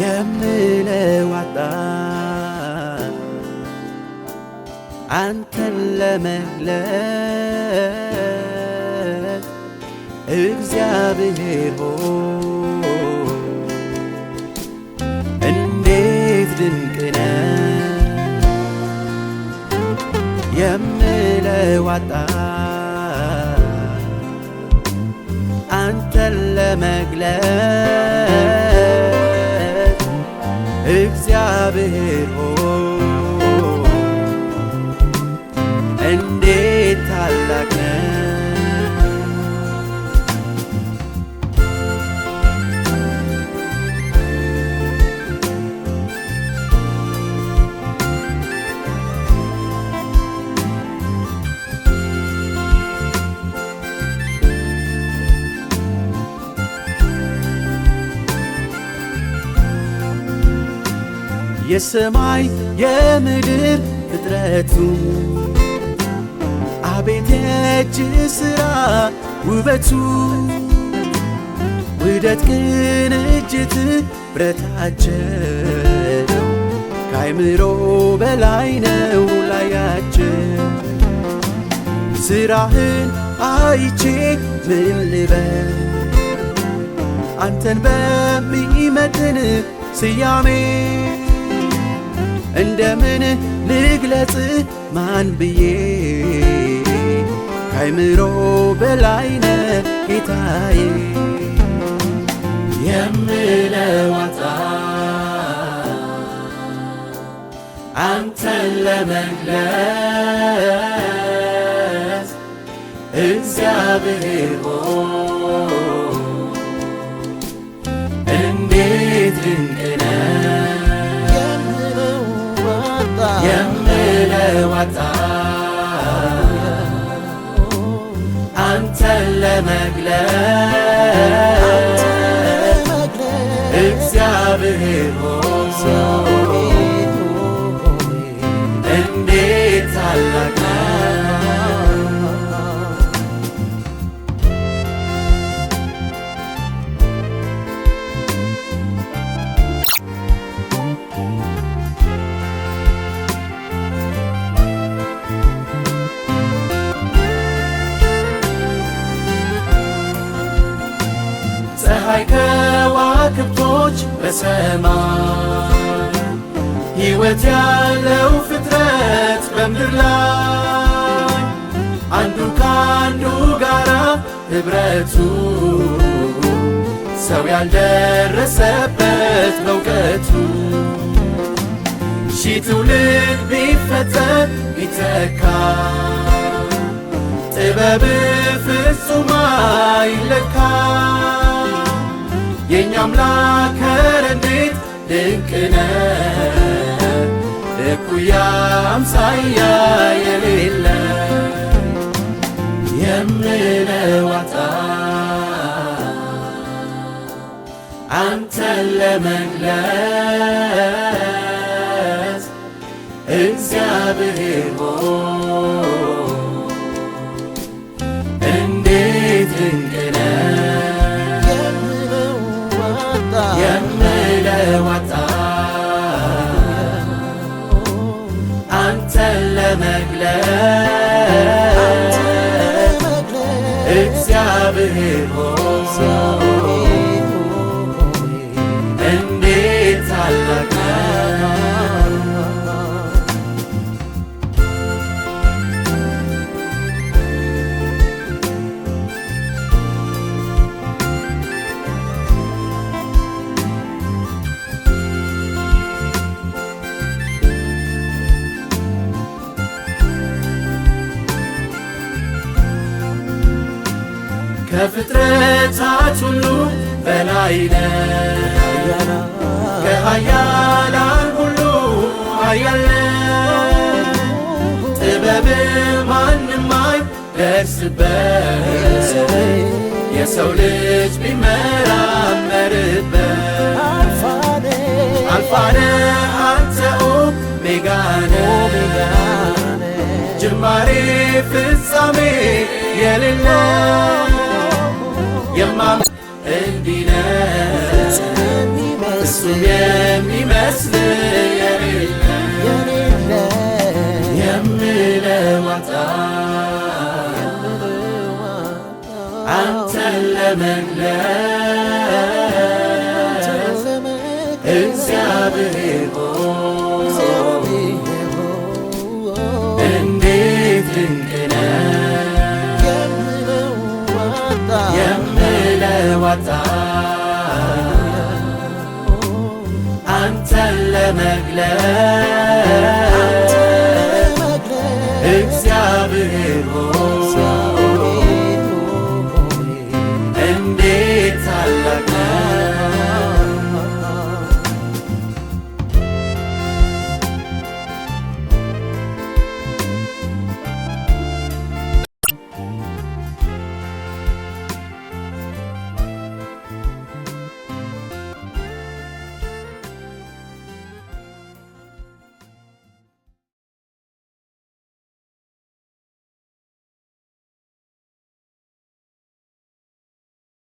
የምለዋጣ አንተን ለመግለጽ እግዚአብሔር ሆይ እንዴት ድንቅነ የምለው አጣ አንተን ለመግለጥ እግዚአብሔር የሰማይ የምድር ፍጥረቱ አቤት የእጅ ሥራ ውበቱ ውደት ቅንጅት ብረታቸው ካይምሮ በላይ ነው ላያቸው ሥራህን አይቼ ምን ልበል አንተን በሚመጥን ስያሜ እንደምን ልግለጽ ማን ብዬ ካይምሮ በላይነ ጌታዬ የምለው አጣ አንተን ለመግለጽ እግዚአብሔር እንዴት ድንቅ ዋጣ አንተን ለመግለጥ ከዋክብቶች በሰማይ ሕይወት ያለው ፍጥረት በምድር ላይ አንዱ ከአንዱ ጋራ ኅብረቱ ሰው ያልደረሰበት በውቀቱ ሺ ትውልድ ቢፈጠር ቢተካ ጥበብ ፍጹም ይለካ የእኛ አምላክ እንዴት ድንቅ ነው፣ እኩያ አምሳያ የሌለ የምንዋጣ አንተን ለመግለጽ እግዚአብሔር ሆይ ያዋጣ አንተን ለመግለጽ እግዚአብሔር ከፍጥረታት ሁሉ በላይ ነህ ከኃያላን ሁሉ ኃያል ጥበብ ማንም አይደርስበት የሰው ልጅ ቢመራመርበት አልፋ ነህ አንተ ኦሜጋ ነህ ጅማሬ ፍጻሜ የሌለ የማም እንዲነ እሱም የሚመስል የሌለ የምለው አንተን ለመግለጽ እግዚአብሔር ያዋጣ አንተን ለመግለጽ እግዚአብሔር